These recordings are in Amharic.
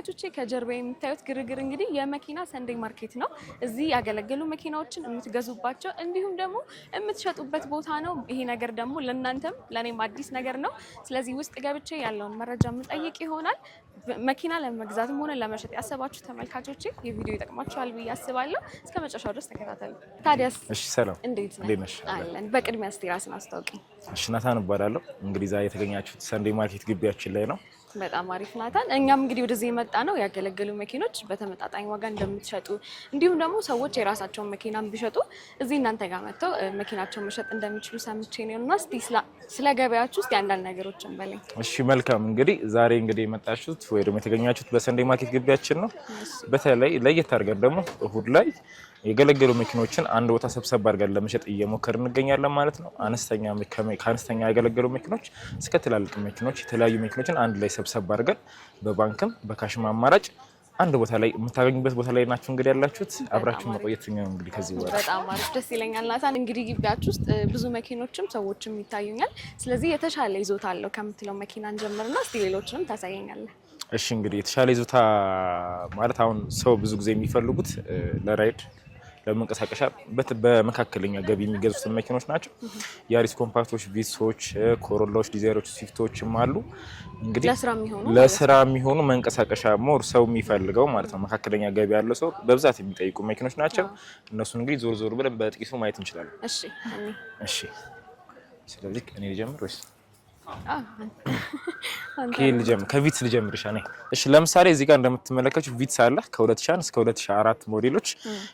ተመልካቾቼ ከጀርባ የምታዩት ግርግር እንግዲህ የመኪና ሰንደይ ማርኬት ነው። እዚህ ያገለገሉ መኪናዎችን የምትገዙባቸው እንዲሁም ደግሞ የምትሸጡበት ቦታ ነው። ይሄ ነገር ደግሞ ለእናንተም ለእኔም አዲስ ነገር ነው። ስለዚህ ውስጥ ገብቼ ያለውን መረጃ የምጠይቅ ይሆናል። መኪና ለመግዛትም ሆነ ለመሸጥ ያሰባችሁ ተመልካቾቼ የቪዲዮ ይጠቅማችኋል ብዬ አስባለሁ። እስከ መጨረሻው ድረስ ተከታተሉ። ታዲያስ፣ እሺ፣ ሰላም እንዴት ነሽ? አለን። በቅድሚያ አስታውቂ። እሺ፣ ናታን እባላለሁ። እንግዲህ ዛሬ የተገኛችሁት ሰንደይ ማርኬት ግቢያችን ላይ ነው። በጣም አሪፍ ናታል። እኛም እንግዲህ ወደዚህ የመጣ ነው ያገለገሉ መኪኖች በተመጣጣኝ ዋጋ እንደምትሸጡ እንዲሁም ደግሞ ሰዎች የራሳቸውን መኪና ቢሸጡ እዚህ እናንተ ጋር መጥተው መኪናቸውን መሸጥ እንደሚችሉ ሰምቼ ነው እና እስቲ ስለ ገበያችሁ ውስጥ የአንዳንድ ነገሮችን በለኝ። እሺ መልካም። እንግዲህ ዛሬ እንግዲህ የመጣችሁት ወይ ደግሞ የተገኛችሁት በሰንዴ ማርኬት ግቢያችን ነው። በተለይ ለየት አድርገን ደግሞ እሁድ ላይ የገለገሉ መኪኖችን አንድ ቦታ ሰብሰብ አድርገን ለመሸጥ እየሞከር እንገኛለን ማለት ነው። ከአነስተኛ ያገለገሉ መኪኖች እስከ ትላልቅ መኪኖች የተለያዩ መኪኖችን አንድ ላይ ሰብሰብ አድርገን በባንክም በካሽም አማራጭ አንድ ቦታ ላይ የምታገኙበት ቦታ ላይ ናቸው። እንግዲህ ያላችሁት አብራችሁን መቆየት ነው። እንግዲህ ከዚህ በኋላ በጣም አሪፍ ደስ ይለኛል። ናታን እንግዲህ ግቢያች ውስጥ ብዙ መኪኖችም ሰዎችም ይታዩኛል። ስለዚህ የተሻለ ይዞታ አለው ከምትለው መኪና እንጀምርና እስቲ ሌሎችንም ታሳየኛለህ። እሺ እንግዲህ የተሻለ ይዞታ ማለት አሁን ሰው ብዙ ጊዜ የሚፈልጉት ለራይድ መንቀሳቀሻ በመካከለኛ ገቢ የሚገዙትን መኪኖች ናቸው። ያሪስ ኮምፓክቶች፣ ቪሶች፣ ኮሮላዎች፣ ዲዛይሮች፣ ስዊፍቶችም አሉ። እንግዲህ ለስራ የሚሆኑ መንቀሳቀሻ ሞር ሰው የሚፈልገው ማለት ነው። መካከለኛ ገቢ ያለው ሰው በብዛት የሚጠይቁ መኪኖች ናቸው። እነሱ እንግዲህ ዞር ዞር ብለን በጥቂቱ ማየት እንችላለን። እሺ፣ እሺ። ስለዚህ እኔ ልጀምር ወይስ ከቪትስ ልጀምርሻ ነኝ። እሺ ለምሳሌ እዚህ ጋር እንደምትመለከቱት ቪትስ አለ። ከ2001 እስከ 2004 ሞዴሎች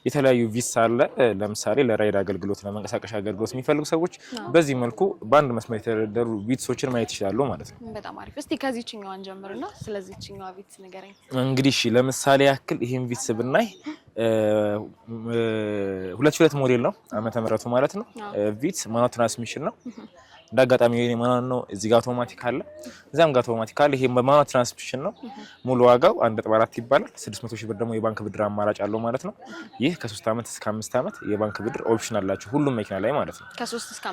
የተለያዩ ቪትስ አለ። ለምሳሌ ለራይድ አገልግሎት፣ ለመንቀሳቀሻ አገልግሎት የሚፈልጉ ሰዎች በዚህ መልኩ በአንድ መስመር የተደረደሩ ቪትሶችን ማየት ይችላሉ ማለት ነው። በጣም አሪፍ። እስቲ ከዚህኛው እንጀምርና ስለዚህኛው ቪትስ ንገረኝ። እንግዲህ እሺ ለምሳሌ ያክል ይህን ቪትስ ብናይ ሁለት ሁለት ሞዴል ነው አመተ ምሕረቱ ማለት ነው። ቪትስ ማኖ ትራንስሚሽን ነው እንዳጋጣሚ የማን ነው እዚህ ጋር አውቶማቲክ አለ፣ እዚያም ጋር አውቶማቲክ አለ። ይሄ በማኑዋል ትራንስሚሽን ነው። ሙሉ ዋጋው አንድ ነጥብ አራት ይባላል። ስድስት መቶ ሺህ ብር ደግሞ የባንክ ብድር አማራጭ አለው ማለት ነው። ይህ ከሶስት ዓመት እስከ አምስት ዓመት የባንክ ብድር ኦፕሽን አላቸው ሁሉም መኪና ላይ ማለት ነው። ከሶስት እስከ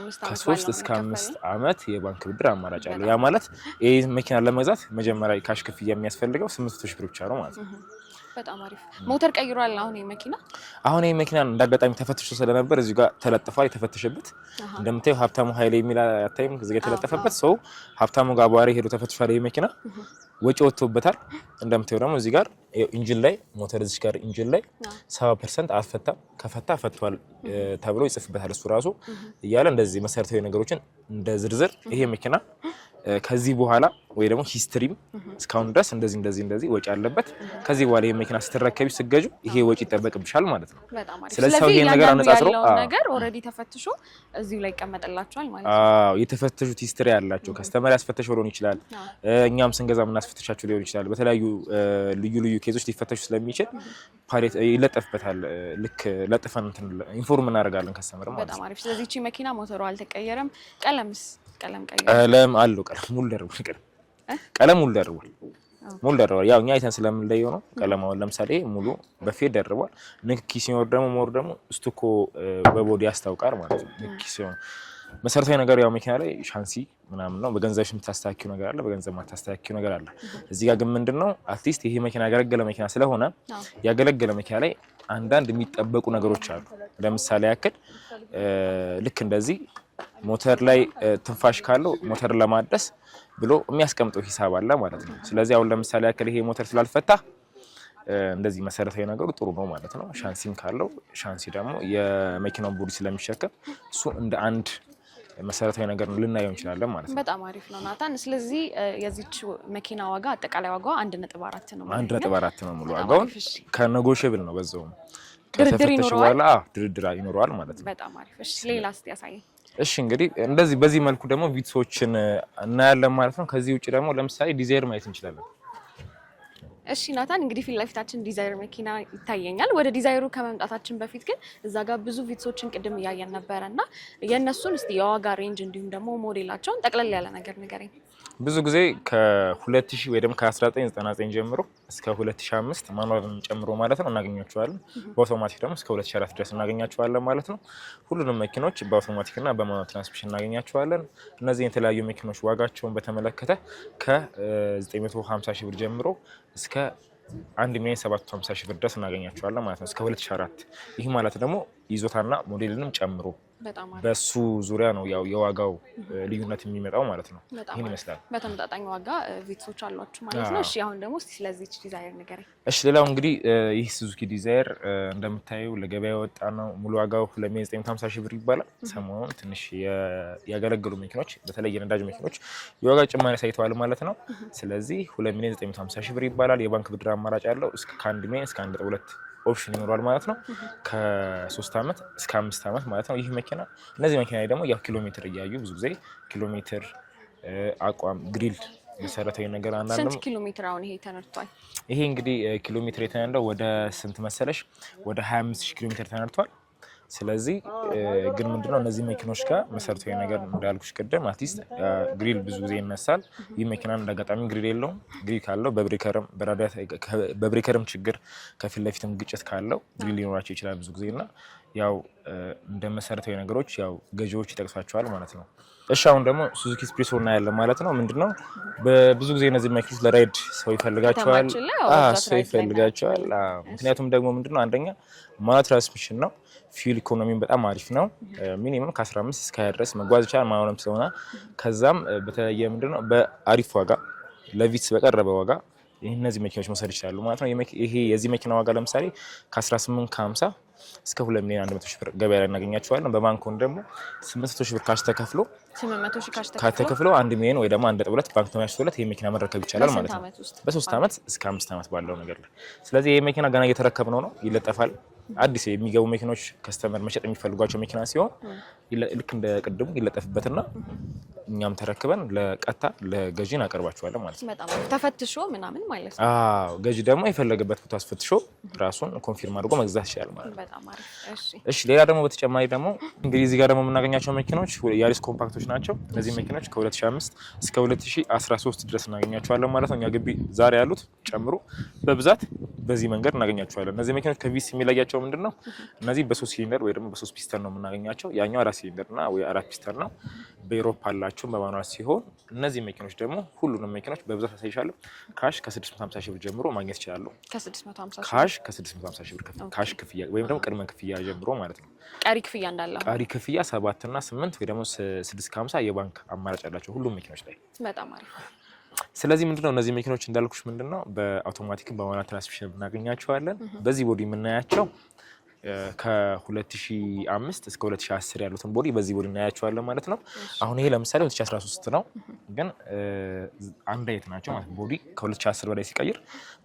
አምስት ዓመት የባንክ ብድር አማራጭ አለው። ያ ማለት ይህ መኪና ለመግዛት መጀመሪያ ካሽ ክፍያ የሚያስፈልገው ስምንት መቶ ሺህ ብር ብቻ ነው ማለት ነው። በጣም አሪፍ ሞተር ቀይሯል። አሁን ይህ መኪና አሁን ይህ መኪና እንደ ተፈትሾ ስለነበር እዚህ ጋር ተለጥፏል። የተፈተሸበት እንደምታዩ ሀብታሙ ኃይሌ የሚል አታይም? እዚህ ጋር የተለጠፈበት ሰው ሀብታሙ ጋር በዋሪ ሄዶ ተፈትሿል። ይህ መኪና ወጪ ወጥቶበታል። እንደምታዩ ደግሞ እዚህ ጋር ኢንጂን ላይ ሞተር እዚህ ጋር ኢንጂን ላይ ሰባ ፐርሰንት አልፈታም ከፈታ ፈቷል ተብሎ ይጽፍበታል እሱ ራሱ እያለ እንደዚህ መሰረታዊ ነገሮችን እንደ ዝርዝር ይሄ መኪና ከዚህ በኋላ ወይ ደግሞ ሂስትሪም እስካሁን ድረስ እንደዚህ እንደዚህ እንደዚህ ወጪ አለበት፣ ከዚህ በኋላ መኪና ስትረከቢ ስገጁ ይሄ ወጪ ይጠበቅብሻል ማለት ነው። ስለዚህ ሰው ይሄን ነገር አነጻጽሮ ነገር ኦልሬዲ ተፈትሾ እዚሁ ላይ ይቀመጥላቸዋል ማለት ነው። አዎ የተፈተሹት ሂስትሪ ያላቸው ከስተመር ያስፈተሸው ሊሆን ይችላል፣ እኛም ስንገዛ የምናስፈተሻቸው ሊሆን ይችላል። በተለያዩ ልዩ ልዩ ኬዞች ሊፈተሹ ስለሚችል ፓሌት ይለጠፍበታል። ልክ ለጥፈን ኢንፎርም እናደርጋለን ከስተመር ማለት ነው። ስለዚህ መኪና ሞተሩ አልተቀየረም፣ ቀለምስ ቀለም ቀይ ቀለም ቀለም ሙሉ ደርቧል። ቀለም ቀለም ሙሉ ደርቧል። ሙሉ ደርቧል። ያው እኛ አይተን ስለምንለየው ነው። ለምሳሌ ሙሉ በፌድ ደርቧል። ንክኪ ሲኖር ደግሞ ሞር ደግሞ በቦዲ ያስታውቃል ማለት ነው። ንክኪ መሰረታዊ ነገር ያው መኪና ላይ ሻንሲ ምናምን ነው። በገንዘብሽ የምታስተካኪው ነገር አለ፣ በገንዘብ ማታስተካኪው ነገር አለ። እዚህ ጋር ግን ምንድን ነው አትሊስት ይሄ መኪና ያገለገለ መኪና ስለሆነ ያገለገለ መኪና ላይ አንዳንድ የሚጠበቁ ነገሮች አሉ። ለምሳሌ ያክል ልክ እንደዚህ ሞተር ላይ ትንፋሽ ካለው ሞተር ለማድረስ ብሎ የሚያስቀምጠው ሂሳብ አለ ማለት ነው። ስለዚህ አሁን ለምሳሌ ያክል ይሄ ሞተር ስላልፈታ እንደዚህ መሰረታዊ ነገሩ ጥሩ ነው ማለት ነው። ሻንሲን ካለው ሻንሲ ደግሞ የመኪናውን ቦዲ ስለሚሸከም እሱ እንደ አንድ መሰረታዊ ነገር ልናየው እንችላለን ማለት ነው። በጣም አሪፍ ነው ናታን። ስለዚህ የዚች መኪና ዋጋ አጠቃላይ ዋጋ አንድ ነጥብ አራት ነው አንድ ነጥብ አራት ነው ሙሉ ዋጋውን ከነጎሽብል ነው በዛውም ድርድር ይኖረዋል ድርድር ይኖረዋል ማለት ነው። በጣም አሪፍ እሺ። ሌላ እስቲ ያሳየን እሺ እንግዲህ እንደዚህ በዚህ መልኩ ደግሞ ቪትሶችን እናያለን ማለት ነው። ከዚህ ውጭ ደግሞ ለምሳሌ ዲዛይር ማየት እንችላለን። እሺ ናታን፣ እንግዲህ ፊት ለፊታችን ዲዛይር መኪና ይታየኛል። ወደ ዲዛይሩ ከመምጣታችን በፊት ግን እዛ ጋር ብዙ ቪትሶችን ቅድም እያየን ነበረ እና የእነሱን እስቲ የዋጋ ሬንጅ እንዲሁም ደግሞ ሞዴላቸውን ጠቅለል ያለ ነገር ንገረኝ። ብዙ ጊዜ ከ2000 ወይ ደግሞ ከ1999 ጀምሮ እስከ 2005 ማኑዋልን ጨምሮ ማለት ነው እናገኛቸዋለን። በአውቶማቲክ ደግሞ እስከ 2004 ድረስ እናገኛቸዋለን ማለት ነው። ሁሉንም መኪኖች በአውቶማቲክና በማኑዋል ትራንስሚሽን እናገኛቸዋለን። እነዚህ የተለያዩ መኪኖች ዋጋቸውን በተመለከተ ከ950 ሺህ ብር ጀምሮ እስከ 1 ሚሊዮን 750 ሺህ ብር ድረስ እናገኛቸዋለን ማለት ነው እስከ 2004 ይህ ማለት ደግሞ ይዞታና ሞዴልንም ጨምሮ በሱ ዙሪያ ነው ያው የዋጋው ልዩነት የሚመጣው ማለት ነው። ይህን ይመስላል። በተመጣጣኝ ዋጋ ቪትሶች አሏችሁ ማለት ነው። እሺ አሁን ደግሞ ስለዚች ዲዛይር ንገረኝ። እሺ ሌላው እንግዲህ ይህ ሱዙኪ ዲዛይር እንደምታየው ለገበያ የወጣ ነው። ሙሉ ዋጋው ለ950 ሺህ ብር ይባላል። ሰሞኑን ትንሽ ያገለገሉ መኪኖች በተለይ የነዳጅ መኪኖች የዋጋ ጭማሪ አሳይተዋል ማለት ነው። ስለዚህ 2 ሚሊዮን 950 ሺህ ብር ይባላል። የባንክ ብድር አማራጭ ያለው ከአንድ ሚሊዮን እስከ አንድ ሁለት ኦፕሽን ይኖሯል ማለት ነው። ከሶስት ዓመት እስከ አምስት ዓመት ማለት ነው ይህ መኪና። እነዚህ መኪና ደግሞ ያው ኪሎ ሜትር እያዩ ብዙ ጊዜ ኪሎ ሜትር አቋም ግሪል መሰረታዊ ነገር አንዳንድ ስንት ኪሎ ሜትር አሁን ይሄ ተነድቷል? ይሄ እንግዲህ ኪሎ ሜትር የተነዳው ወደ ስንት መሰለሽ ወደ 25 ሺህ ኪሎ ሜትር ተነድቷል። ስለዚህ ግን ምንድነው እነዚህ መኪኖች ጋር መሰረታዊ ነገር እንዳልኩሽ ቅድም አርቲስት ግሪል ብዙ ጊዜ ይነሳል። ይህ መኪና እንዳጋጣሚ ግሪል የለውም። ግሪል ካለው በብሬከርም ችግር ከፊት ለፊትም ግጭት ካለው ግሪል ሊኖራቸው ይችላል ብዙ ጊዜ እና ያው እንደ መሰረታዊ ነገሮች ያው ገዢዎች ይጠቅሷቸዋል ማለት ነው። እሺ አሁን ደግሞ ሱዙኪ ስፕሪሶ እናያለን ማለት ነው። ምንድነው በብዙ ጊዜ እነዚህ መኪኖች ለራይድ ሰው ይፈልጋቸዋል፣ ሰው ይፈልጋቸዋል። ምክንያቱም ደግሞ ምንድነው አንደኛ ማኑዋል ትራንስሚሽን ነው ፊውል ኢኮኖሚን በጣም አሪፍ ነው። ሚኒመም ከ15 እስከ 20 ድረስ መጓዝ ይቻላል ማለትም ስለሆነ ከዛም በተለየ ምንድነው በአሪፍ ዋጋ ለቪትስ በቀረበ ዋጋ ይህ እነዚህ መኪናዎች መውሰድ ይችላሉ ማለት ነው። ይሄ የዚህ መኪና ዋጋ ለምሳሌ ከ18 ከ50 እስከ 2 ሚሊዮን 100 ሺህ ብር ገበያ ላይ እናገኛቸዋለን። በባንኮን ደግሞ 800 ሺህ ብር ካሽ ተከፍሎ 800 ሺህ 1 ሚሊዮን ወይ ደግሞ 1.2 ባንክ ተመቻችቶለት ይሄ መኪና መረከብ ይቻላል ማለት ነው። በሶስት ዓመት እስከ አምስት ዓመት ባለው ነገር ላይ ስለዚህ ይሄ መኪና ገና እየተረከብ ነው ነው፣ ይለጠፋል አዲስ የሚገቡ መኪኖች ከስተመር መሸጥ የሚፈልጓቸው መኪና ሲሆን ልክ እንደ ቅድሙ ይለጠፍበትና እኛም ተረክበን ለቀጥታ ለገዢ እናቀርባቸዋለን ማለት ነው። ተፈትሾ ምናምን ማለት ነው። ገዢ ደግሞ የፈለገበት ቦታ አስፈትሾ ራሱን ኮንፊርም አድርጎ መግዛት ይችላል ማለት ነው። እሺ ሌላ ደግሞ በተጨማሪ ደግሞ እንግዲህ እዚህ ጋር ደግሞ የምናገኛቸው መኪኖች ያሪስ ኮምፓክቶች ናቸው። እነዚህ መኪኖች ከ2005 እስከ 2013 ድረስ እናገኛቸዋለን ማለት ነው። እኛ ግቢ ዛሬ ያሉት ጨምሮ በብዛት በዚህ መንገድ እናገኛቸዋለን። እነዚህ መኪኖች ከቪስ የሚለያቸው ምንድን ነው? እነዚህ በሶስት ሲሊንደር ወይ ደግሞ በሶስት ፒስተን ነው የምናገኛቸው። ያኛው አራት ሲሊንደር እና ወይ አራት ፒስተን ነው። በኤሮፕ አላቸው በማኗል ሲሆን እነዚህ መኪኖች ደግሞ ሁሉንም መኪኖች በብዛት አሳይሻለሁ። ካሽ ከ650 ሺህ ብር ጀምሮ ማግኘት ይችላሉ። ካሽ ከ650 ሺህ ብር ካሽ ክፍያ ወይም ደግሞ ቅድመ ክፍያ ጀምሮ ማለት ነው። ቀሪ ክፍያ እንዳለ ቀሪ ክፍያ ሰባት እና ስምንት ወይ ደግሞ ስድስት ከሀምሳ የባንክ አማራጭ አላቸው ሁሉም መኪኖች ላይ በጣም አሪፍ ስለዚህ ምንድነው እነዚህ መኪኖች እንዳልኩሽ ምንድነው በአውቶማቲክም በማኑዋል ትራንስሚሽን እናገኛቸዋለን። በዚህ ቦዲ የምናያቸው ከ2005 እስከ 2010 ያሉትን ቦዲ በዚህ ቦዲ እናያቸዋለን ማለት ነው። አሁን ይሄ ለምሳሌ 2013 ነው፣ ግን አንድ አይነት ናቸው ማለት ቦዲ ከ2010 በላይ ሲቀይር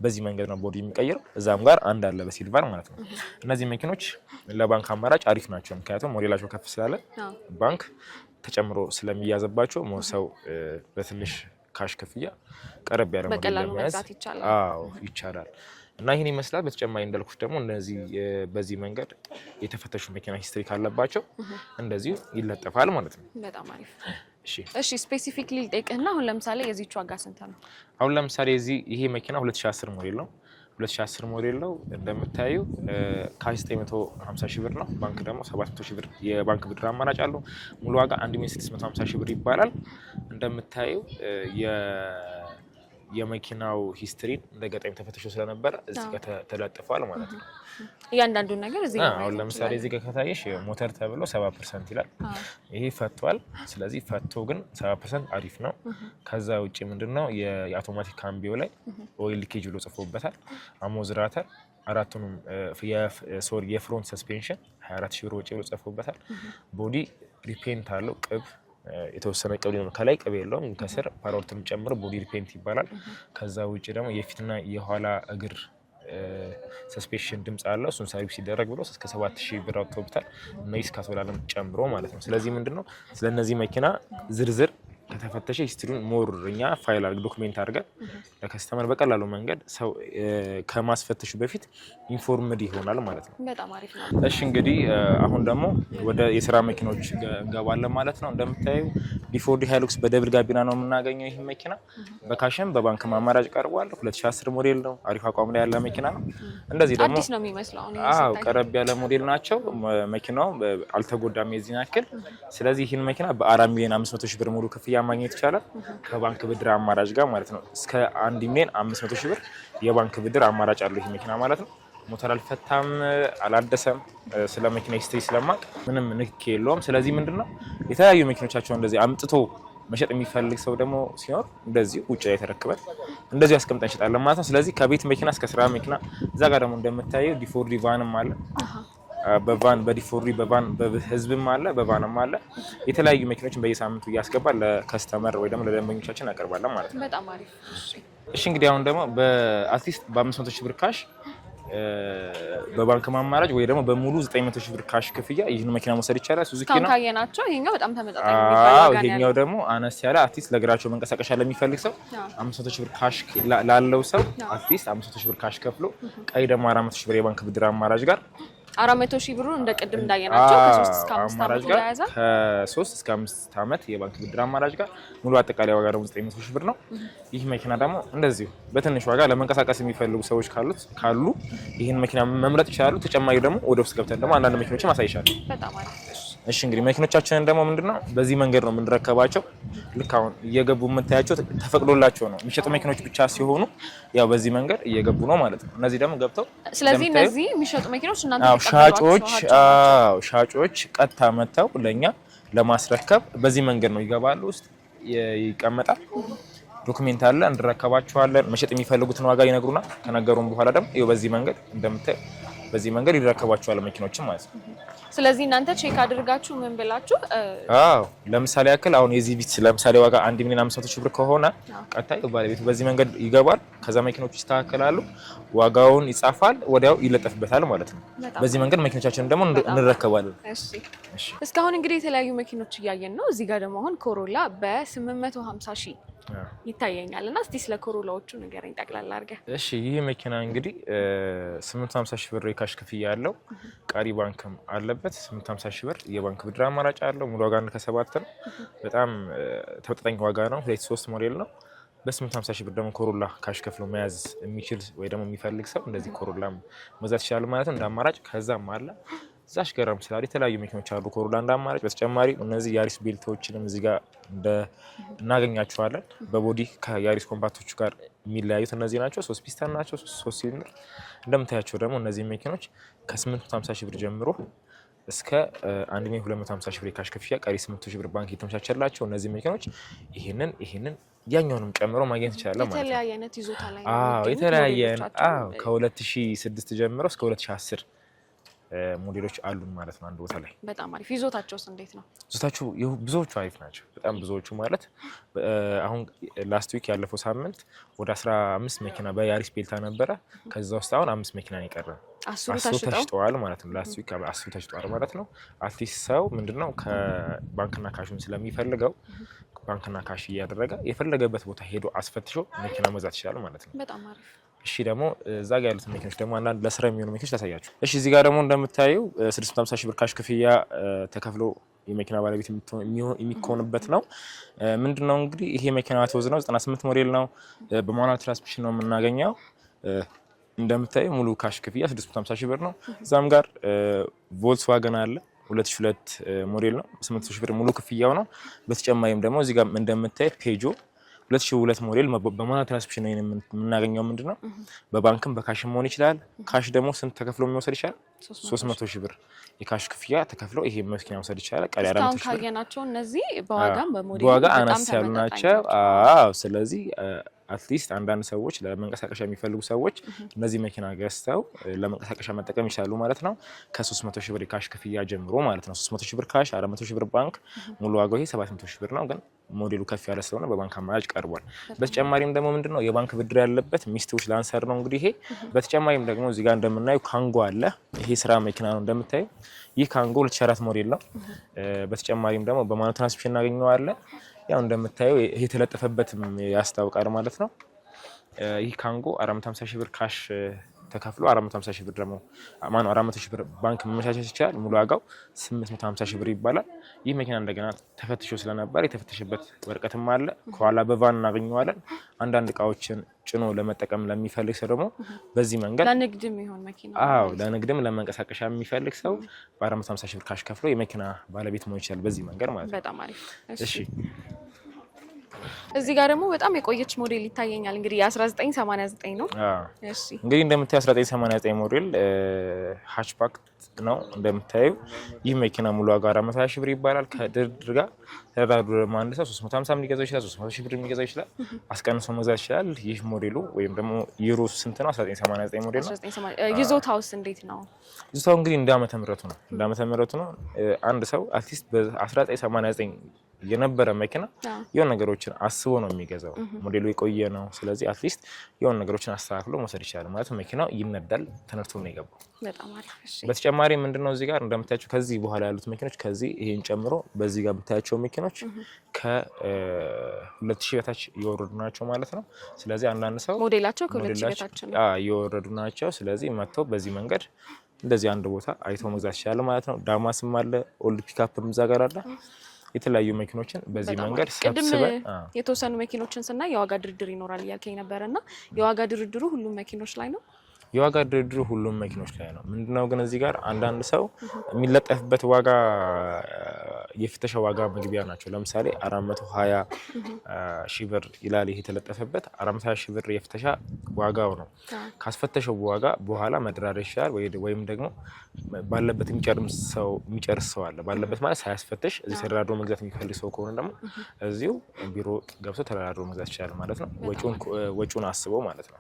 በዚህ መንገድ ነው ቦዲ የሚቀይር። እዛም ጋር አንድ አለ በሲልቫር ማለት ነው። እነዚህ መኪኖች ለባንክ አማራጭ አሪፍ ናቸው፣ ምክንያቱም ሞዴላቸው ከፍ ስላለ ባንክ ተጨምሮ ስለሚያዘባቸው ሰው በትንሽ ካሽ ክፍያ ቀረብ ያለ በቀላሉ መግዛት ይቻላል። ይቻላል። እና ይህን ይመስላል። በተጨማሪ እንዳልኩሽ ደግሞ እነዚህ በዚህ መንገድ የተፈተሹ መኪና ሂስትሪ ካለባቸው እንደዚሁ ይለጠፋል ማለት ነው። በጣም አሪፍ። እሺ ስፔሲፊክሊ ልጠይቅህና አሁን ለምሳሌ የዚች ዋጋ ስንት ነው? አሁን ለምሳሌ እዚህ ይሄ መኪና 2010 ሞዴል ነው። 2010 ሞዴል ነው እንደምታዩ ከ950 ሺህ ብር ነው። ባንክ ደግሞ 700 ሺህ ብር የባንክ ብድር አማራጭ አለው። ሙሉ ዋጋ 1 650 ሺህ ብር ይባላል እንደምታዩ የመኪናው ሂስትሪን እንደ ገጣሚ ተፈትሾ ስለነበረ እዚህ ጋር ተለጥፏል ማለት ነው። እያንዳንዱን ነገር እዚህ ጋር አሁን ለምሳሌ እዚህ ከታየሽ ሞተር ተብሎ ሰባ ፐርሰንት ይላል። ይሄ ፈቷል። ስለዚህ ፈቶ ግን ሰባ ፐርሰንት አሪፍ ነው። ከዛ ውጭ ምንድን ነው የአውቶማቲክ ካምቢዮ ላይ ኦይል ሊኬጅ ብሎ ጽፎበታል። አሞዝራተር አራቱንም ሶሪ የፍሮንት ሰስፔንሽን 24 ሺህ ብር ወጪ ብሎ ጽፎበታል። ቦዲ ሪፔንት አለው ቅብ የተወሰነ ቅቤ ከላይ ቅቤ የለውም፣ ከስር ፓሮርትም ጨምሮ ቦዲ ፔንት ይባላል። ከዛ ውጭ ደግሞ የፊትና የኋላ እግር ሰስፔንሽን ድምፅ አለው። እሱን ሰርቪስ ሲደረግ ብሎ እስከ ሰባት ሺህ ብር አውጥቶብታል። እነዚህ እስከ ጨምሮ ማለት ነው። ስለዚህ ምንድን ነው ስለነዚህ መኪና ዝርዝር ተፈተሸ ሂስትሪውን ሞር እኛ ፋይል ዶክሜንት አድርገን ለከስተመር በቀላሉ መንገድ ሰው ከማስፈተሹ በፊት ኢንፎርምድ ይሆናል ማለት ነው። እሺ እንግዲህ አሁን ደግሞ ወደ የስራ መኪኖች እንገባለን ማለት ነው። እንደምታዩ ቢፎርዲ ሃይሉክስ በደብል ጋቢና ነው የምናገኘው። ይህ መኪና በካሽም በባንክ አማራጭ ቀርቧል። 2010 ሞዴል ነው። አሪፍ አቋም ላይ ያለ መኪና ነው። እንደዚህ ደግሞ ቀረብ ያለ ሞዴል ናቸው። መኪናው አልተጎዳም የዚህን ያክል። ስለዚህ ይህን መኪና በአራት ሚሊዮን አምስት መቶ ሺህ ብር ሙሉ ክፍያ ማግኘት ይቻላል። ከባንክ ብድር አማራጭ ጋር ማለት ነው። እስከ አንድ ሚሊዮን አምስት መቶ ሺህ ብር የባንክ ብድር አማራጭ አለው ይህ መኪና ማለት ነው። ሞተር አልፈታም አላደሰም። ስለ መኪና ስትሪ ስለማቅ ምንም ንክ የለውም። ስለዚህ ምንድን ነው የተለያዩ መኪኖቻቸው እንደዚህ አምጥቶ መሸጥ የሚፈልግ ሰው ደግሞ ሲኖር እንደዚሁ ውጭ ላይ ተረክበን እንደዚሁ አስቀምጠን እንሸጣለን ማለት ነው። ስለዚህ ከቤት መኪና እስከ ስራ መኪና እዛ ጋር ደግሞ እንደምታየው ዲፎር ዲቫንም አለ በቫን በዲፎሪ በቫን በህዝብም አለ በቫንም አለ የተለያዩ መኪኖችን በየሳምንቱ እያስገባ ለከስተመር ወይ ደግሞ ለደንበኞቻችን እናቀርባለን ማለት ነው። በጣም አሪፍ። እሺ እንግዲህ አሁን ደግሞ በአትሊስት በአምስት መቶ ሺህ ብር ካሽ በባንክ ማማራጭ ወይ ደግሞ በሙሉ 900 ሺህ ብር ካሽ ክፍያ ይህን መኪና መውሰድ ይቻላል። ሱዚኪ ነው ናቸው። ይሄኛው በጣም ተመጣጣኝ ይሄኛው ደግሞ አነስ ያለ አትሊስት ለእግራቸው መንቀሳቀሻ ለሚፈልግ ሰው 500 ሺህ ብር ካሽ ላለው ሰው አትሊስት 500 ሺህ ብር ካሽ ከፍሎ ቀይ ደግሞ 400 ሺህ ብር የባንክ ብድር አማራጭ ጋር አራት መቶ ሺህ ብሩን እንደ ቅድም እንዳየናቸው ከሶስት እስከ አምስት ዓመት የባንክ ብድር አማራጭ ጋር ሙሉ አጠቃላይ ዋጋ ደግሞ ዘጠኝ መቶ ሺህ ብር ነው። ይህ መኪና ደግሞ እንደዚሁ በትንሽ ዋጋ ለመንቀሳቀስ የሚፈልጉ ሰዎች ካሉት ካሉ ይህን መኪና መምረጥ ይችላሉ። ተጨማሪ ደግሞ ወደ ውስጥ ገብተን ደግሞ አንዳንድ መኪኖችን አሳይሻለሁ። በጣም አሪፍ እሺ እንግዲህ መኪኖቻችንን ደግሞ ምንድነው በዚህ መንገድ ነው የምንረከባቸው። ልክ አሁን እየገቡ የምታያቸው ተፈቅዶላቸው ነው የሚሸጡ መኪኖች ብቻ ሲሆኑ ያው በዚህ መንገድ እየገቡ ነው ማለት ነው። እነዚህ ደግሞ ገብተው ስለዚህ እነዚህ የሚሸጡ መኪኖች እናንተ ሻጮች አዎ ሻጮች ቀጥታ መተው ለኛ ለማስረከብ በዚህ መንገድ ነው ይገባሉ። ውስጥ ይቀመጣል፣ ዶክሜንት አለ፣ እንረከባቸዋለን። መሸጥ የሚፈልጉትን ዋጋ ይነግሩና ከነገሩን በኋላ ደግሞ ይኸው በዚህ መንገድ እንደምታየው በዚህ መንገድ ይረከባቸዋል መኪኖችን ማለት ነው። ስለዚህ እናንተ ቼክ አድርጋችሁ ምን ብላችሁ አዎ ለምሳሌ ያክል አሁን የዚህ ቢት ለምሳሌ ዋጋ አንድ ሚሊዮን አምስት መቶ ሺህ ብር ከሆነ ቀጣይ ባለቤቱ በዚህ መንገድ ይገባል። ከዛ መኪኖች ይስተካከላሉ፣ ዋጋውን ይጻፋል፣ ወዲያው ይለጠፍበታል ማለት ነው። በዚህ መንገድ መኪኖቻችንን ደግሞ እንረከባለን። እስካሁን እንግዲህ የተለያዩ መኪኖች እያየን ነው። እዚህ ጋር ደግሞ አሁን ኮሮላ በ850 ሺህ ይታየኛል እና እስቲ ስለ ኮሮላዎቹ ንገረኝ ጠቅላላ አድርገህ። እሺ ይህ መኪና እንግዲህ 850 ሺህ ብር የካሽ ክፍያ አለው፣ ቀሪ ባንክም አለበት። 850 ሺህ ብር የባንክ ብድር አማራጭ አለው። ሙሉ ዋጋ አንድ ከሰባት ነው። በጣም ተመጣጣኝ ዋጋ ነው። ሁለት ሶስት ሞዴል ነው በ ሀምሳ ሺህ ብር ደግሞ ኮሮላ ካሽ ከፍሎ መያዝ የሚችል ወይ ደግሞ የሚፈልግ ሰው እንደዚህ ኮሮላ መዛት ይችላል ማለት ነው እንደ አማራጭ። ከዛም አለ እዛሽ ገራም ስላሉ የተለያዩ መኪኖች አሉ ኮሮላ እንደ አማራጭ። በተጨማሪ እነዚህ ያሪስ ቤልቶችንም እዚህ ጋር እናገኛቸዋለን። በቦዲ ከያሪስ ኮምፓክቶቹ ጋር የሚለያዩት እነዚህ ናቸው። ሶስት ፒስተን ናቸው፣ ሶስት ሲሊንደር። እንደምታያቸው ደግሞ እነዚህ መኪኖች ከ850 ሺህ ብር ጀምሮ እስከ 1 ሚሊዮን 250 ሺህ ብር የካሽ ክፍያ፣ ቀሪ 800 ሺህ ብር ባንክ የተመቻቸላቸው እነዚህ መኪኖች ይህንን ይህንን ያኛውንም ጨምሮ ማግኘት ይችላል ማለት ነው። የተለያየ ይዞታ ላይ ነው። አዎ የተለያየ ከ2006 ጀምሮ እስከ 2010 ሞዴሎች አሉን ማለት ነው። አንድ ቦታ ላይ በጣም አሪፍ። ይዞታቸውስ እንዴት ነው? ይዞታቸው ብዙዎቹ አሪፍ ናቸው። በጣም ብዙዎቹ ማለት አሁን ላስት ዊክ ያለፈው ሳምንት ወደ አምስት መኪና በያሪስ ቤልታ ነበረ። ከዛ ውስጥ አሁን አምስት መኪና ነው የቀረ። አስሩ ተሽጠዋል ማለት ነው። ላስት ዊክ አስሩ ተሽጠዋል ማለት ነው። አትሊስት ሰው ምንድነው ከባንክና ካሹን ስለሚፈልገው ባንክና ካሽ እያደረገ የፈለገበት ቦታ ሄዶ አስፈትሾ መኪና መግዛት ይችላል ማለት ነው። በጣም አሪፍ እሺ ደግሞ እዛ ጋ ያሉትን መኪኖች ደግሞ አንዳንድ ለስራ የሚሆኑ መኪኖች ላሳያችሁ። እሺ እዚህ ጋር ደግሞ እንደምታዩ 650 ሺህ ብር ካሽ ክፍያ ተከፍሎ የመኪና ባለቤት የሚከሆንበት ነው። ምንድን ነው እንግዲህ ይሄ መኪና ተወዝ ነው፣ 98 ሞዴል ነው። በማኑዋል ትራንስሚሽን ነው የምናገኘው። እንደምታዩ ሙሉ ካሽ ክፍያ 650 ሺህ ብር ነው። እዛም ጋር ቮልስዋገን አለ 2002 ሞዴል ነው፣ 800 ሺህ ብር ሙሉ ክፍያው ነው። በተጨማሪም ደግሞ እዚህ ጋር እንደምታይ ፔጆ ሁለት ሺህ ሁለት ሞዴል በሞላ ትራንስሚሽን ላይ የምናገኘው ምንድን ነው? በባንክም በካሽም መሆን ይችላል። ካሽ ደግሞ ስንት ተከፍሎ የሚወሰድ ይችላል? ሶስት መቶ ሺህ ብር የካሽ ክፍያ ተከፍለው ይሄ መኪና መውሰድ ይቻላል። ቀሪ አራት መቶ ሺህ ብር እነዚህ በዋጋም በዋጋ አነስ ያሉ ናቸው። ስለዚህ አትሊስት አንዳንድ ሰዎች ለመንቀሳቀሻ የሚፈልጉ ሰዎች እነዚህ መኪና ገዝተው ለመንቀሳቀሻ መጠቀም ይችላሉ ማለት ነው። ከ300 ሺህ ብር የካሽ ክፍያ ጀምሮ ማለት ነው። 300 ሺህ ብር ካሽ፣ 400 ሺህ ብር ባንክ። ሙሉ ዋጋው ይሄ 700 ሺህ ብር ነው፣ ግን ሞዴሉ ከፍ ያለ ስለሆነ በባንክ አማራጭ ቀርቧል። በተጨማሪም ደግሞ ምንድን ነው የባንክ ብድር ያለበት ሚስቶች ላንሰር ነው እንግዲህ ይሄ። በተጨማሪም ደግሞ እዚህ ጋር እንደምናየው ካንጎ አለ። ይህ ስራ መኪና ነው እንደምታዩ። ይህ ካንጎ 2004 ሞዴል ነው። በተጨማሪም ደግሞ በማኑ ትራንስሚሽን እናገኘዋለን። ያው እንደምታዩ የተለጠፈበትም ያስታውቃል ማለት ነው። ይህ ካንጎ 450 ሺህ ብር ካሽ ተከፍሎ 450 ሺህ ብር ደግሞ ማነው 400 ሺህ ብር ባንክ መመቻቸት ይችላል። ሙሉ ዋጋው 850 ሺህ ብር ይባላል። ይህ መኪና እንደገና ተፈትሾ ስለነበር የተፈተሸበት ወረቀትም አለ። ከኋላ በቫን እናገኘዋለን። አንዳንድ እቃዎችን ጭኖ ለመጠቀም ለሚፈልግ ሰው ደግሞ በዚህ መንገድ ለንግድም ይሆን መኪና አዎ፣ ለንግድም ለመንቀሳቀሻ የሚፈልግ ሰው በ450 ሺህ ብር ካሽ ከፍሎ የመኪና ባለቤት መሆን ይችላል። በዚህ መንገድ ማለት ነው። በጣም አሪፍ። እሺ እዚህ ጋር ደግሞ በጣም የቆየች ሞዴል ይታየኛል። እንግዲህ የ1989 ነው። እንግዲህ እንደምታየው 1989 ሞዴል ሃችባክ ነው። እንደምታየው ይህ መኪና ሙሉ ዋጋ 450 ሺህ ብር ይባላል። ከድርድር ጋር ተደራድሮ አንድ ሰው 350 ሊገዛው ይችላል፣ 300 ሺህ ብር ሊገዛው ይችላል፣ አስቀንሶ መግዛት ይችላል። ይህ ሞዴሉ ወይም ደግሞ ዩሮ ስንት ነው? 1989 ሞዴል ነው። ይዞታውስ እንዴት ነው? ይዞታው እንግዲህ እንደ ዓመተ ምህረቱ ነው። እንደ ዓመተ ምህረቱ ነው። አንድ ሰው አትሊስት በ1989 የነበረ መኪና የሆን ነገሮችን አስቦ ነው የሚገዛው። ሞዴሉ የቆየ ነው። ስለዚህ አትሊስት የሆን ነገሮችን አስተካክሎ መውሰድ ይችላል ማለት መኪናው ይነዳል፣ ተነድቶ ነው የገባው። በተጨማሪ ምንድነው እዚህ ጋር እንደምታያቸው ከዚህ በኋላ ያሉት መኪኖች ከዚህ ይህን ጨምሮ በዚህ ጋር የምታያቸው መኪኖች ከሁለት ሺህ በታች እየወረዱ ናቸው ማለት ነው። ስለዚህ አንዳንድ ሰው ሞዴላቸው ከሁለት ሺህ በታች ናቸው። ስለዚህ መጥተው በዚህ መንገድ እንደዚህ አንድ ቦታ አይተው መግዛት ይችላል ማለት ነው። ዳማስም አለ፣ ኦልድ ፒካፕም እዛ ጋር አለ። የተለያዩ መኪኖችን በዚህ መንገድ ሰብስበን የተወሰኑ መኪኖችን ስናይ የዋጋ ድርድር ይኖራል እያልከኝ ነበረ እና የዋጋ ድርድሩ ሁሉም መኪኖች ላይ ነው? የዋጋ ድርድሩ ሁሉም መኪኖች ላይ ነው። ምንድነው ግን እዚህ ጋር አንዳንድ ሰው የሚለጠፍበት ዋጋ የፍተሻ ዋጋ መግቢያ ናቸው። ለምሳሌ 420 ሺህ ብር ይላል ይሄ የተለጠፈበት 420 ሺህ ብር የፍተሻ ዋጋው ነው። ካስፈተሸው ዋጋ በኋላ መደራደር ይችላል ወይም ደግሞ ባለበት የሚጨርስ ሰው አለ። ባለበት ማለት ሳያስፈተሽ እዚህ ተደራድሮ መግዛት የሚፈልግ ሰው ከሆነ ደግሞ እዚሁ ቢሮ ገብቶ ተደራድሮ መግዛት ይችላል ማለት ነው። ወጪውን አስበው ማለት ነው።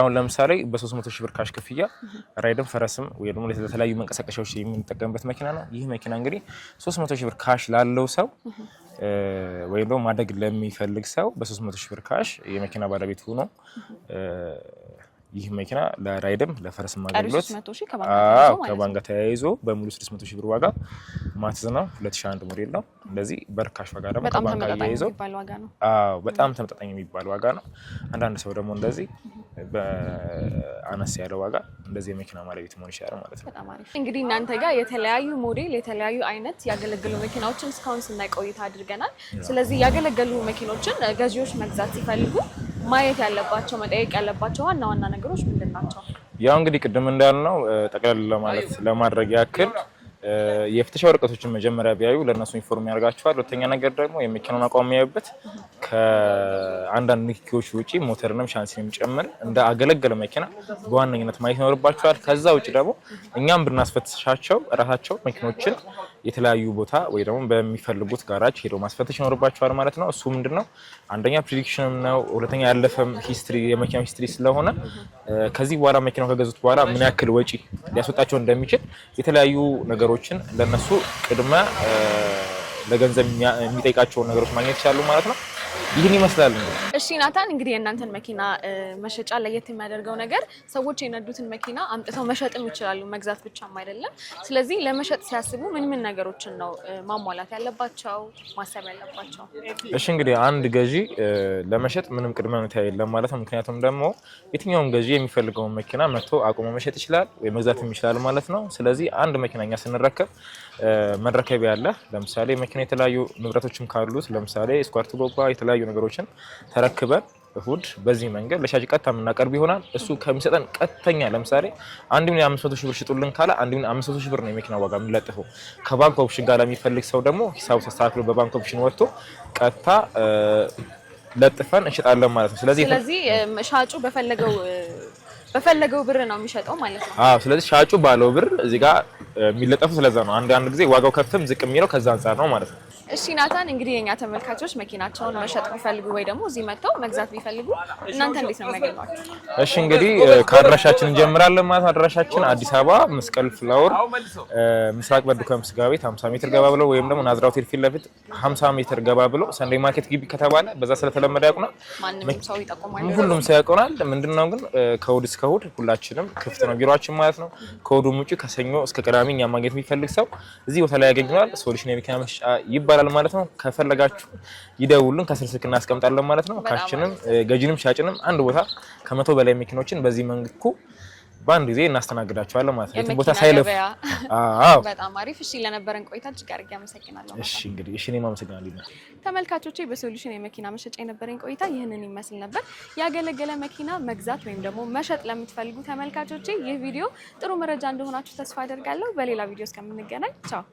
አሁን ለምሳሌ በሶስት መቶ ሺህ ብር ካሽ ክፍያ ራይድም ፈረስም ወይ ደግሞ ለተለያዩ መንቀሳቀሻዎች የምንጠቀምበት መኪና ነው። ይህ መኪና እንግዲህ ሶስት መቶ ሺህ ብር ካሽ ላለው ሰው ወይም ደግሞ ማደግ ለሚፈልግ ሰው በሶስት መቶ ሺህ ብር ካሽ የመኪና ባለቤት ሆኖ ይህ መኪና ለራይድም ለፈረስም አገልግሎት ከባንክ ጋር ተያይዞ በሙሉ 600 ሺህ ብር ዋጋ ማትዝ ነው። 2001 ሞዴል ነው። እንደዚህ በርካሽ ዋጋ ደግሞ ከባንክ ጋር ተያይዞ በጣም ተመጣጣኝ የሚባል ዋጋ ነው። አንዳንድ ሰው ደግሞ እንደዚህ በአነስ ያለ ዋጋ እንደዚህ የመኪና ባለቤት መሆን ይችላል ማለት ነው። እንግዲህ እናንተ ጋር የተለያዩ ሞዴል የተለያዩ አይነት ያገለገሉ መኪናዎችን እስካሁን ስናይ ቆይታ አድርገናል። ስለዚህ ያገለገሉ መኪኖችን ገዢዎች መግዛት ሲፈልጉ ማየት ያለባቸው መጠየቅ ያለባቸው ዋና ዋና ነገሮች ምንድን ናቸው? ያው እንግዲህ ቅድም እንዳልነው ጠቅለል ለማለት ለማድረግ ያክል የፍተሻ ወረቀቶችን መጀመሪያ ቢያዩ ለእነሱ ኢንፎርም ያደርጋቸዋል። ሁለተኛ ነገር ደግሞ የመኪናውን አቋም የሚያዩበት፣ ከአንዳንድ ንክኪዎች ውጪ ሞተርንም ሻንሲንም ጨምር እንደ አገለገለ መኪና በዋነኝነት ማየት ይኖርባቸዋል። ከዛ ውጭ ደግሞ እኛም ብናስፈትሻቸው እራሳቸው መኪኖችን የተለያዩ ቦታ ወይ ደግሞ በሚፈልጉት ጋራጅ ሄደው ማስፈተሽ ይኖርባቸዋል ማለት ነው። እሱ ምንድን ነው አንደኛ ፕሪዲክሽንም ነው፣ ሁለተኛ ያለፈም ሂስትሪ የመኪናው ሂስትሪ ስለሆነ ከዚህ በኋላ መኪናው ከገዙት በኋላ ምን ያክል ወጪ ሊያስወጣቸው እንደሚችል የተለያዩ ነገሮችን ለነሱ ቅድመ ለገንዘብ የሚጠይቃቸውን ነገሮች ማግኘት ይችላሉ ማለት ነው። ይህን ይመስላል። እሺ ናታን፣ እንግዲህ የእናንተን መኪና መሸጫ ለየት የሚያደርገው ነገር ሰዎች የነዱትን መኪና አምጥተው መሸጥም ይችላሉ፣ መግዛት ብቻም አይደለም። ስለዚህ ለመሸጥ ሲያስቡ ምን ምን ነገሮችን ነው ማሟላት ያለባቸው ማሰብ ያለባቸው? እሺ እንግዲህ አንድ ገዢ ለመሸጥ ምንም ቅድመ ሁኔታ የለም ማለት ነው። ምክንያቱም ደግሞ የትኛውም ገዢ የሚፈልገውን መኪና መጥቶ አቁሞ መሸጥ ይችላል ወይ መግዛትም ይችላል ማለት ነው። ስለዚህ አንድ መኪናኛ ስንረከብ መረከቢያ አለ። ለምሳሌ መኪና የተለያዩ ንብረቶችም ካሉት ለምሳሌ ስኳርት ጎባ የተለያዩ ነገሮችን ተረክበን እሁድ በዚህ መንገድ ለሻጭ ቀጥታ የምናቀርብ ይሆናል። እሱ ከሚሰጠን ቀጥተኛ ለምሳሌ አንድ ሚሊዮን አምስት መቶ ሺህ ብር ሽጡልን ካለ አንድ ሚሊዮን አምስት መቶ ሺህ ብር ነው የመኪና ዋጋ የምንለጥፈው። ከባንክ ኦፕሽን ጋር ለሚፈልግ ሰው ደግሞ ሂሳቡ ተስተካክሎ በባንክ ኦፕሽን ወጥቶ ቀጥታ ለጥፈን እንሸጣለን ማለት ነው። ስለዚህ ሻጩ በፈለገው በፈለገው ብር ነው የሚሸጠው ማለት ነው። አዎ፣ ስለዚህ ሻጩ ባለው ብር እዚህ ጋር የሚለጠፉ ስለዛ ነው አንዳንድ ጊዜ ዋጋው ከፍትም ዝቅ የሚለው ከዛ አንጻር ነው ማለት ነው። እሺ ናታን፣ እንግዲህ የኛ ተመልካቾች መኪናቸውን መሸጥ ቢፈልጉ ወይ ደግሞ እዚህ መጥተው መግዛት ቢፈልጉ እናንተ እንዴት ነው የሚያገኟቸው? እሺ እንግዲህ ከአድራሻችን እንጀምራለን ማለት አድራሻችን አዲስ አበባ መስቀል ፍላወር ምስራቅ በዱ ከምስጋ ቤት 50 ሜትር ገባ ብሎ ወይም ደግሞ ናዝራው ቴል ፊት ለፊት 50 ሜትር ገባ ብሎ ሰንደይ ማርኬት ግቢ ከተባለ በዛ ስለተለመደ ያውቁናል። ማንም ሰው ይጠቁማል፣ ሁሉም ሰው ያውቁናል። ምንድነው ግን ከእሑድ እስከ እሑድ ሁላችንም ክፍት ነው ቢሮአችን ማለት ነው። ከእሑድም ውጪ ከሰኞ እስከ ቅዳሜ እኛ ማግኘት የሚፈልግ ሰው እዚህ ቦታ ላይ ያገኙናል። ሶሉሽን የመኪና መሸጫ ይባላል። ይቻላል ማለት ነው። ከፈለጋችሁ ይደውሉን፣ ከስር ስልክ እናስቀምጣለን ማለት ነው። ካችንም ገዢንም ሻጭንም አንድ ቦታ ከመቶ በላይ መኪኖችን በዚህ መንግኩ በአንድ ጊዜ እናስተናግዳቸዋለን ማለት ነው። ቦታ ሳይለፍ በጣም አሪፍ። እሺ፣ ለነበረን ቆይታ እጅግ አድርጌ አመሰግናለሁ። እሺ፣ እንግዲህ እሺ፣ እኔም አመሰግናለሁ። ተመልካቾቼ፣ በሶሉሽን የመኪና መሸጫ የነበረኝ ቆይታ ይህንን ይመስል ነበር። ያገለገለ መኪና መግዛት ወይም ደግሞ መሸጥ ለምትፈልጉ ተመልካቾቼ ይህ ቪዲዮ ጥሩ መረጃ እንደሆናችሁ ተስፋ አደርጋለሁ። በሌላ ቪዲዮ እስከምንገናኝ ቻው።